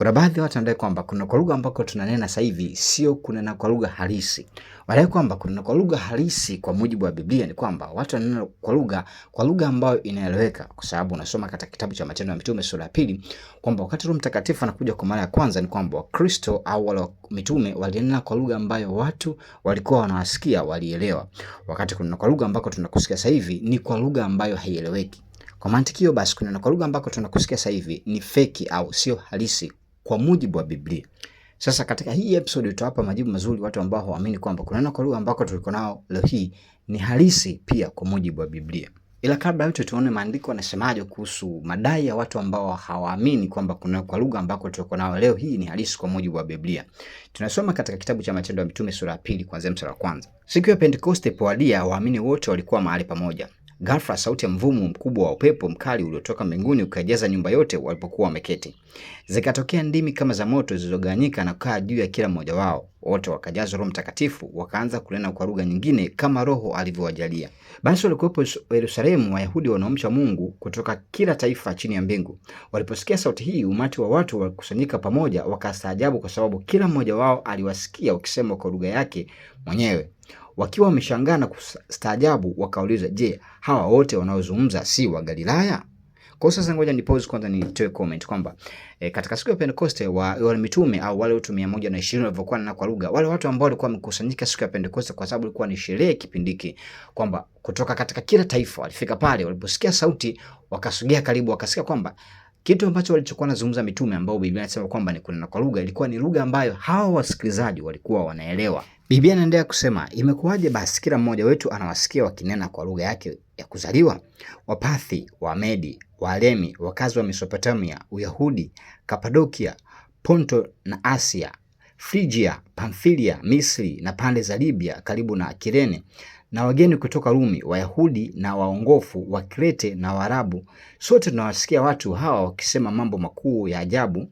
Kuna baadhi ya watu wanadai kwamba kuna kwa lugha ambako tunanena sasa hivi sio kunena kwa lugha halisi. Wanadai kwamba kuna kwa lugha halisi kwa mujibu wa Biblia ni kwamba watu wananena kwa lugha kwa lugha ambayo inaeleweka kwa sababu unasoma katika kitabu cha Matendo ya Mitume sura ya pili kwamba wakati Roho Mtakatifu anakuja kwa mara ya kwanza ni kwamba Wakristo au wale mitume walinena kwa lugha ambayo watu walikuwa wanawasikia walielewa. Wakati kuna kwa lugha ambako tunakusikia sasa hivi ni kwa lugha ambayo haieleweki. Kwa mantiki hiyo basi kunena kwa lugha ambako tunakusikia sasa hivi ni feki au sio halisi kwa mujibu wa Biblia. Sasa katika hii episode utawapa majibu mazuri watu ambao huamini kwamba kunena kwa lugha ambako tuliko nao leo hii ni halisi pia kwa mujibu wa Biblia. Ila kabla yote tuone maandiko yanasemaje kuhusu madai ya watu ambao hawaamini kwamba kunena kwa lugha ambako tuliko nao leo hii ni halisi kwa mujibu wa Biblia. Tunasoma katika kitabu cha Matendo ya Mitume sura ya pili kuanzia mstari wa kwanza. Siku ya Pentekoste poadia, waamini wote walikuwa mahali pamoja. Ghafla sauti ya mvumo mkubwa wa upepo mkali uliotoka mbinguni ukajaza nyumba yote walipokuwa wameketi. Zikatokea ndimi kama za moto zilizogawanyika na kukaa juu ya kila mmoja wao. Wote wakajazwa Roho Mtakatifu, wakaanza kunena kwa lugha nyingine kama Roho alivyowajalia. Basi walikuwepo Yerusalemu Wayahudi wanaomcha Mungu kutoka kila taifa chini ya mbingu. Waliposikia sauti hii, umati wa watu walikusanyika pamoja, wakastaajabu kwa sababu kila mmoja wao aliwasikia wakisema kwa lugha yake mwenyewe wakiwa wameshangaa na kustaajabu, wakauliza, je, hawa wote wanaozungumza si wa Galilaya? Kwa sasa ngoja ni pause kwanza nitoe comment kwamba e, katika siku ya Pentekoste wa wale mitume au wale watu 120 walivyokuwa na kwa lugha, wale watu ambao walikuwa wamekusanyika siku ya Pentekoste, kwa sababu ilikuwa ni sherehe kipindiki, kwamba kutoka katika kila taifa walifika pale, waliposikia sauti wakasogea karibu, wakasikia kwamba kitu ambacho walichokuwa nazungumza mitume ambao Biblia inasema kwamba ni kunena kwa lugha, ilikuwa ni lugha ambayo hawa wasikilizaji walikuwa wanaelewa. Biblia inaendelea kusema, imekuwaje basi kila mmoja wetu anawasikia wakinena kwa lugha yake ya kuzaliwa? Wapathi, Wamedi, walemi wakazi wa Mesopotamia, Uyahudi, Kapadokia, Ponto na Asia, Frigia, Pamfilia, Misri na pande za Libya karibu na Kirene, na wageni kutoka Rumi, Wayahudi na waongofu wa Krete na Waarabu, sote tunawasikia watu hawa wakisema mambo makuu ya ajabu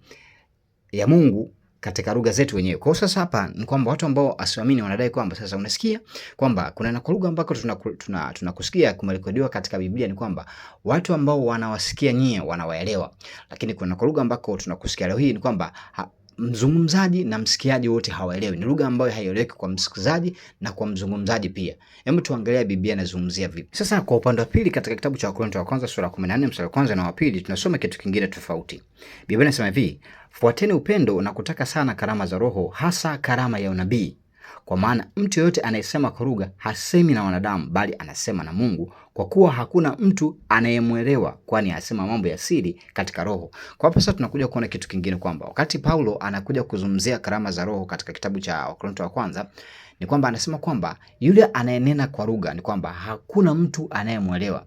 ya Mungu katika lugha zetu wenyewe. Kwa sasa hapa ni kwamba watu ambao asiamini wanadai kwamba sasa unasikia kwamba kuna na lugha ambako tunakusikia tuna, tuna kumerekodiwa katika Biblia ni kwamba watu ambao wanawasikia nyie wanawaelewa, lakini kuna na lugha ambako tunakusikia leo hii ni kwamba mzungumzaji na msikiaji wote hawaelewi. Ni lugha ambayo haieleweki kwa msikizaji na kwa mzungumzaji pia. Hebu tuangalie Biblia inazungumzia vipi sasa. Kwa upande wa pili, katika kitabu cha Wakorintho wa kwanza sura ya 14 mstari wa kwanza na wa pili tunasoma kitu kingine tofauti. Biblia inasema hivi, Fuateni upendo na kutaka sana karama za Roho, hasa karama ya unabii, kwa maana mtu yeyote anayesema kwa lugha hasemi na wanadamu, bali anasema na Mungu, kwa kuwa hakuna mtu anayemwelewa, kwani asema mambo ya siri katika Roho. Kwa hapo sasa tunakuja kuona kitu kingine kwamba wakati Paulo anakuja kuzungumzia karama za Roho katika kitabu cha Wakorintho wa kwanza ni kwamba anasema kwamba yule anayenena kwa lugha ni kwamba hakuna mtu anayemwelewa.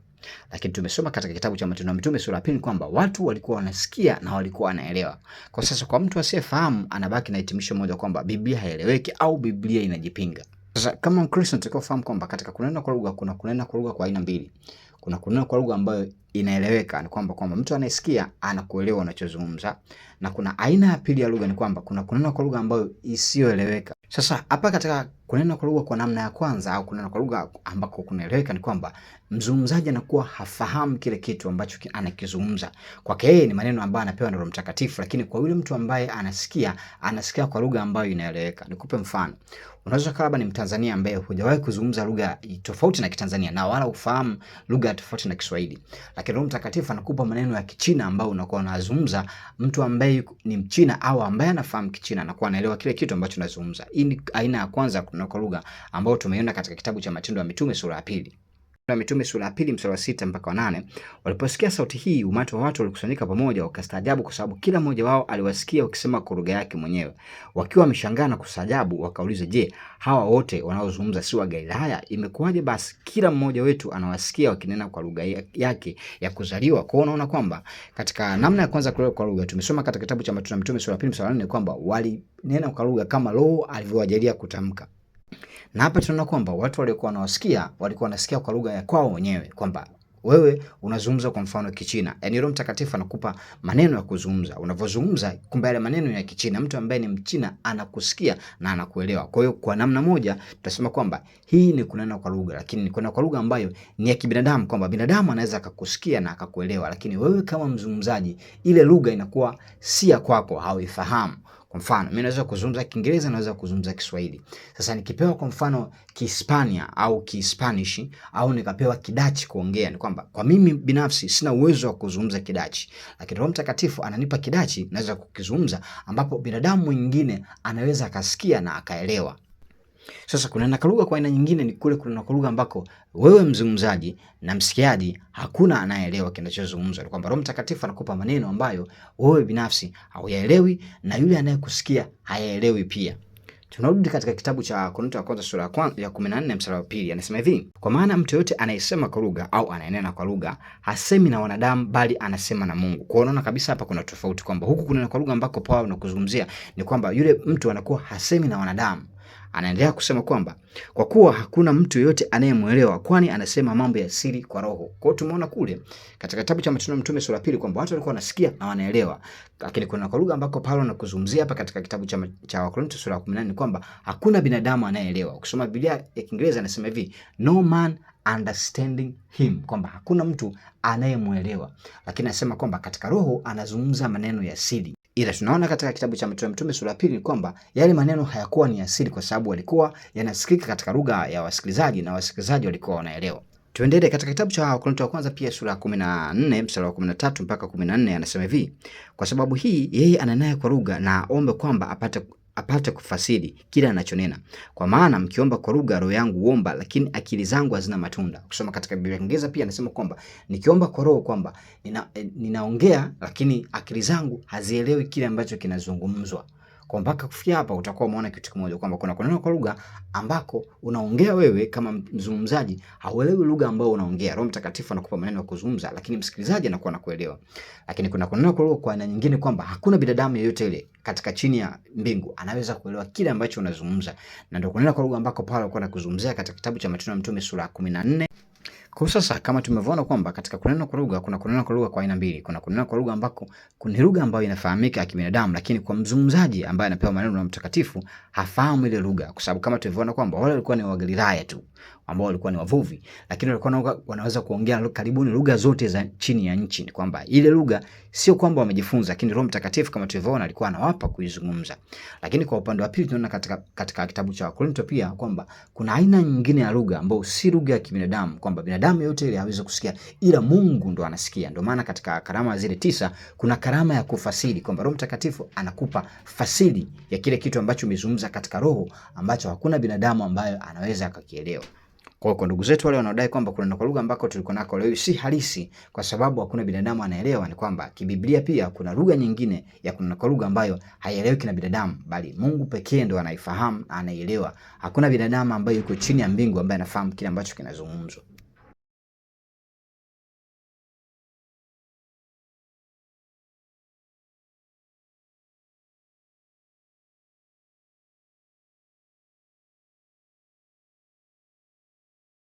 Lakini tumesoma katika kitabu cha Matendo ya Mitume sura ya pili kwamba watu walikuwa wanasikia na walikuwa wanaelewa. Kwa sasa, kwa mtu asiyefahamu, anabaki na hitimisho moja kwamba Biblia haieleweki au Biblia inajipinga. Sasa kama Mkristo tunatakiwa kufahamu kwamba katika kunena kwa lugha kuna kunena kwa lugha kwa aina mbili. Kuna kunena kwa lugha ambayo inaeleweka, ni kwamba kwamba mtu anayesikia anakuelewa unachozungumza, na kuna aina ya pili ya lugha, ni kwamba kuna kunena kwa lugha ambayo isiyoeleweka. Sasa hapa katika kunena kwa lugha kwa namna ya kwanza au kunena kwa lugha ambako kunaeleweka ni kwamba mzungumzaji anakuwa hafahamu kile kitu ambacho anakizungumza. Kwake yeye ni maneno ambayo anapewa na Roho Mtakatifu, lakini kwa yule mtu ambaye anasikia, anasikia kwa lugha ambayo inaeleweka. Nikupe mfano unaweza ukawa ni Mtanzania ambaye hujawahi kuzungumza lugha tofauti na Kitanzania na wala ufahamu lugha tofauti na Kiswahili, lakini Roho Mtakatifu anakupa maneno ya Kichina ambayo unakuwa unazungumza, mtu ambaye ni Mchina au ambaye anafahamu Kichina anakuwa anaelewa kile kitu ambacho unazungumza. Hii ni aina ya kwanza ya kunako lugha ambayo tumeiona katika kitabu cha Matendo ya Mitume sura ya pili wa Mitume sura ya pili mstari wa sita mpaka wa nane Waliposikia sauti hii, umati wa watu walikusanyika pamoja, wakastaajabu kwa sababu kila mmoja wao aliwasikia wakisema kwa lugha yake mwenyewe. Wakiwa wameshangaa na kustaajabu, wakauliza, je, hawa wote wanaozungumza si wa Galilaya? Imekuwaje basi kila mmoja wetu anawasikia wakinena kwa lugha yake ya kuzaliwa? Kwa hiyo unaona kwamba katika namna ya kwanza kuelewa kwa lugha, tumesoma katika kitabu cha Matendo ya Mitume sura ya pili mstari wa nne kwamba walinena kwa lugha kama Roho alivyowajalia kutamka. Na hapa tunaona kwamba watu waliokuwa wanawasikia walikuwa wanasikia kwa lugha ya kwao wenyewe kwamba wewe unazungumza kwa mfano Kichina, yani Roho Mtakatifu anakupa maneno ya kuzungumza. Unavyozungumza kumbe yale maneno ya Kichina, mtu ambaye ni Mchina anakusikia na anakuelewa. Kwa hiyo kwa namna moja tutasema kwamba hii ni kunena kwa lugha, lakini ni kunena kwa lugha ambayo ni ya kibinadamu, kwamba binadamu anaweza akakusikia na akakuelewa, lakini wewe kama mzungumzaji, ile lugha inakuwa si ya kwako, hauifahamu. Kwa mfano mimi naweza kuzungumza Kiingereza, naweza kuzungumza Kiswahili. Sasa nikipewa kwa mfano Kihispania au Kispanish au nikapewa Kidachi kuongea, ni kwamba kwa mimi binafsi sina uwezo wa kuzungumza Kidachi, lakini Roho Mtakatifu ananipa Kidachi naweza kukizungumza, ambapo binadamu mwingine anaweza akasikia na akaelewa. Sasa kuneneka lugha kwa aina nyingine ni kule kuneneka lugha ambako wewe mzungumzaji na msikiaji hakuna anayeelewa kinachozungumzwa. Ni kwamba Roho Mtakatifu anakupa maneno ambayo wewe binafsi hauyaelewi na yule anayekusikia hayaelewi pia. Tunarudi katika kitabu cha Korinto ya kwanza sura ya 14 mstari wa pili anasema hivi: kwa maana mtu yote anayesema kwa lugha au anayenena kwa lugha hasemi na wanadamu, bali anasema na Mungu. Kwa unaona kabisa hapa kuna tofauti, kwamba huku kunena kwa lugha ambako Paulo anakuzungumzia ni kwamba yule mtu anakuwa hasemi na wanadamu Anaendelea kusema kwamba kwa kuwa hakuna mtu yeyote anayemwelewa, kwani anasema mambo ya siri kwa roho. Kwa hiyo tumeona kule katika kitabu cha Matendo ya Mtume sura pili kwamba watu walikuwa wanasikia na wanaelewa, lakini kuna kwa lugha ambako Paulo anakuzungumzia hapa katika kitabu cha, cha Wakorintho sura ya 18 kwamba hakuna binadamu anayeelewa. Ukisoma Biblia ya Kiingereza anasema hivi no man understanding him, kwamba hakuna mtu anayemwelewa, lakini anasema kwamba katika roho anazungumza maneno ya siri ila tunaona katika kitabu cha Mitume Mitume sura pili kwamba yale maneno hayakuwa ni asili, kwa sababu walikuwa yanasikika katika lugha ya wasikilizaji na wasikilizaji walikuwa wanaelewa. Tuendelee katika kitabu cha Wakorintho wa kwanza pia sura ya 14 mstari wa 13 mpaka 14, anasema hivi: kwa sababu hii yeye ananaye kwa lugha na aombe kwamba apate apate kufasiri kile anachonena. Kwa maana mkiomba kwa lugha, roho yangu huomba, lakini akili zangu hazina matunda. Ukisoma katika Biblia Nyingereza pia anasema kwamba nikiomba kwa roho kwamba nina, eh, ninaongea lakini akili zangu hazielewi kile ambacho kinazungumzwa. Kwa mpaka kufikia hapa utakuwa umeona kitu kimoja kwamba kuna kunena kwa lugha ambako unaongea wewe kama mzungumzaji hauelewi lugha ambayo unaongea. Roho Mtakatifu anakupa maneno ya kuzungumza, lakini msikilizaji anakuwa anakuelewa. Lakini kuna kunena kwa lugha kwa aina nyingine kwamba hakuna binadamu yeyote ile katika chini ya mbingu anaweza kuelewa kile ambacho unazungumza. Na ndio kunena kwa lugha ambako Paulo alikuwa anakuzungumzia katika kitabu cha Matendo ya Mtume sura ya 14 kwa sasa kama tumeona kwamba katika kunena kwa lugha kuna kunena kwa lugha kwa aina mbili. Kuna kunena kwa lugha ambako kuna lugha ambayo inafahamika ya kibinadamu, lakini kwa mzungumzaji ambaye anapewa maneno na mtakatifu hafahamu ile lugha, kwa sababu kama tulivyoona kwamba wale walikuwa ni Wagalilaya tu ambao walikuwa ni wavuvi, lakini walikuwa wanaweza kuongea karibu ni lugha zote za chini ya nchi. Ni kwamba ile lugha sio kwamba wamejifunza, lakini Roho Mtakatifu kama tulivyoona alikuwa anawapa kuizungumza. Lakini kwa upande wa pili tunaona katika, katika kitabu cha Wakorinto pia kwamba kuna aina nyingine ya lugha ambayo si lugha ya kibinadamu kwamba binadamu binadamu yote ile hawezi kusikia, ila Mungu ndo anasikia. Ndio maana katika karama zile tisa kuna karama ya kufasiri, kwamba Roho Mtakatifu anakupa fasiri ya kile kitu ambacho umezungumza katika roho ambacho hakuna binadamu ambayo anaweza akakielewa. Kwa hiyo ndugu zetu wale wanaodai kwamba kuna lugha ambako tuliko nako leo si halisi, kwa sababu hakuna binadamu anaelewa, ni kwamba kibiblia pia kuna lugha nyingine ya kuna nako lugha ambayo haieleweki na binadamu, bali Mungu pekee ndo anaifahamu, anaielewa. Hakuna binadamu ambaye yuko chini ya mbingu ambaye anafahamu kile ambacho kinazungumzwa.